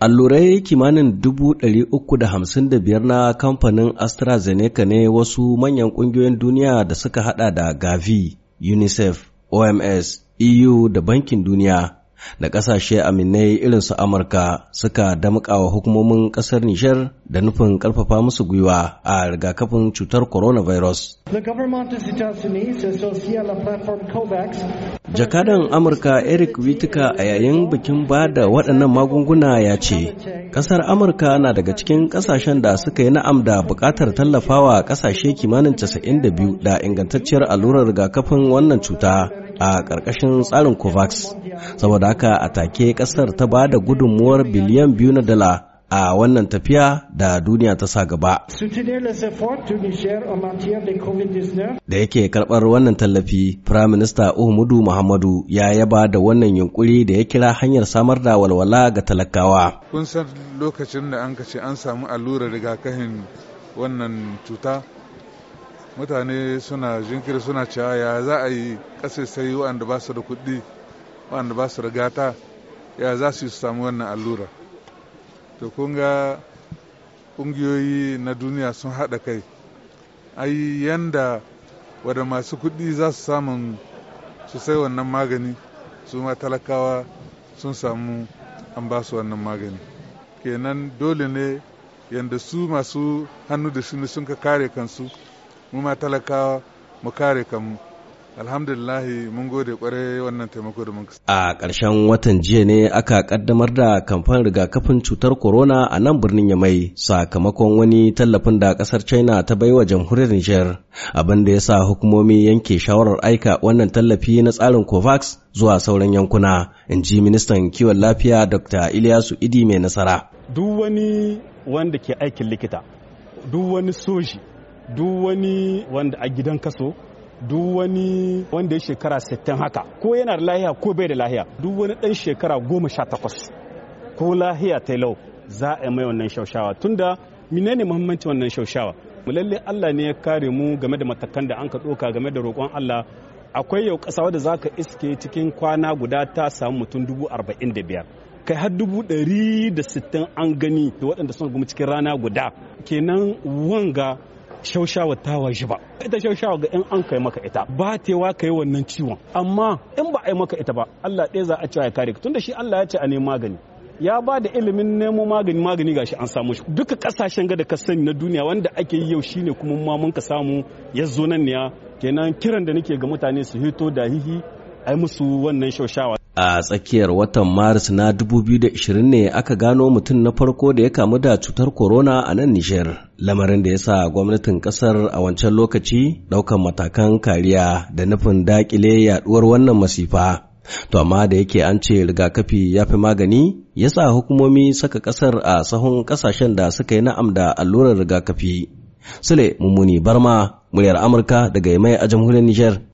Allurai kimanin dubu ɗari uku da da hamsin biyar na kamfanin AstraZeneca ne wasu manyan ƙungiyoyin duniya da suka hada da Gavi, UNICEF, OMS, EU da Bankin Duniya da ƙasashe aminai irin su Amurka suka damƙa wa hukumomin ƙasar Nijar da nufin ƙarfafa musu gwiwa a rigakafin cutar coronavirus. The COVAX Jakadan Amurka Eric Whitaker a yayin bikin ba da waɗannan magunguna ya ce, Ƙasar Amurka na daga cikin ƙasashen da suka yi na'am da buƙatar tallafawa ƙasashe kimanin 92 da ingantacciyar allurar rigakafin wannan cuta a ƙarƙashin tsarin COVAX. Saboda haka a take ƙasar ta ba da gudunmuwar biliyan biyu na dala a wannan tafiya da duniya ta sa gaba. Da yake karɓar wannan tallafi, Firayim Minista Uhumudu Muhammadu ya yaba da wannan yunkuri da ya kira hanyar samar da walwala ga talakawa. Kun san lokacin da an ce an samu allurar rigakafin wannan cuta mutane suna jinkiri suna cewa ya za a yi ƙasa sai waɗanda ba su da kuɗi waɗanda ba su da gata ya za su samu wannan allura. to kun ga ƙungiyoyi na duniya sun haɗa kai ai yanda wadda masu kuɗi za su samun su sai wannan magani su ma talakawa sun samu an ba su wannan magani kenan dole ne yanda su masu hannu da shuni sun ka kare kansu mu ma talakawa mu kare kanmu alhamdulillahi mun gode kwarai wannan taimako da mun a ƙarshen watan jiya ne aka kaddamar da kamfan rigakafin cutar corona a nan birnin yamai sakamakon wani tallafin da ƙasar china ta bai wa jamhuriyar niger abin da ya sa hukumomi yanke shawarar aika wannan tallafi na tsarin covax zuwa sauran yankuna in ji ministan kiwon lafiya dr ilyasu idi mai nasara duk wani wanda ke aikin likita duk wani soji duk wani wanda a gidan kaso duk wani wanda ya shekara 60 haka ko yana da lahiya ko bai da lahiya duk wani dan shekara 18 ko lahiya ta lau za a mai wannan shaushawa tunda menene muhimmanci wannan shaushawa mu lalle Allah ne ya kare mu game da matakan da an ka doka game da roƙon Allah akwai yau kasa wadda za ka iske cikin kwana guda ta samu mutum dubu arba'in da biyar kai har dubu ɗari da sittin an gani da waɗanda sun gumi cikin rana guda kenan wanga shaushawa ta waje ba ita shaushawa ga in an kai maka ita ba ta ka yi wannan ciwon amma in ba a yi maka ita ba Allah ɗaya za a cewa ya kare ka tunda shi Allah ya ce a ne magani ya ba da ilimin nemo magani magani gashi an samu shi duka kasashen gada ka sani na duniya wanda ake yi yau shine kuma ma mun ka samu ya zo nan ne kenan kiran da nake ga mutane su hito da hihi ai musu wannan shaushawa a tsakiyar watan maris na 2020 ne aka gano mutum na farko da ya kamu da cutar corona a nan nijar lamarin da ya sa gwamnatin kasar a wancan lokaci daukan matakan kariya da nufin dakile yaduwar wannan masifa to amma da yake an ce rigakafi ya fi magani ya sa hukumomi saka kasar a sahun kasashen da suka yi na'am da allurar rigakafi sule mummuni barma muryar amurka daga mai a jamhuriyar nijar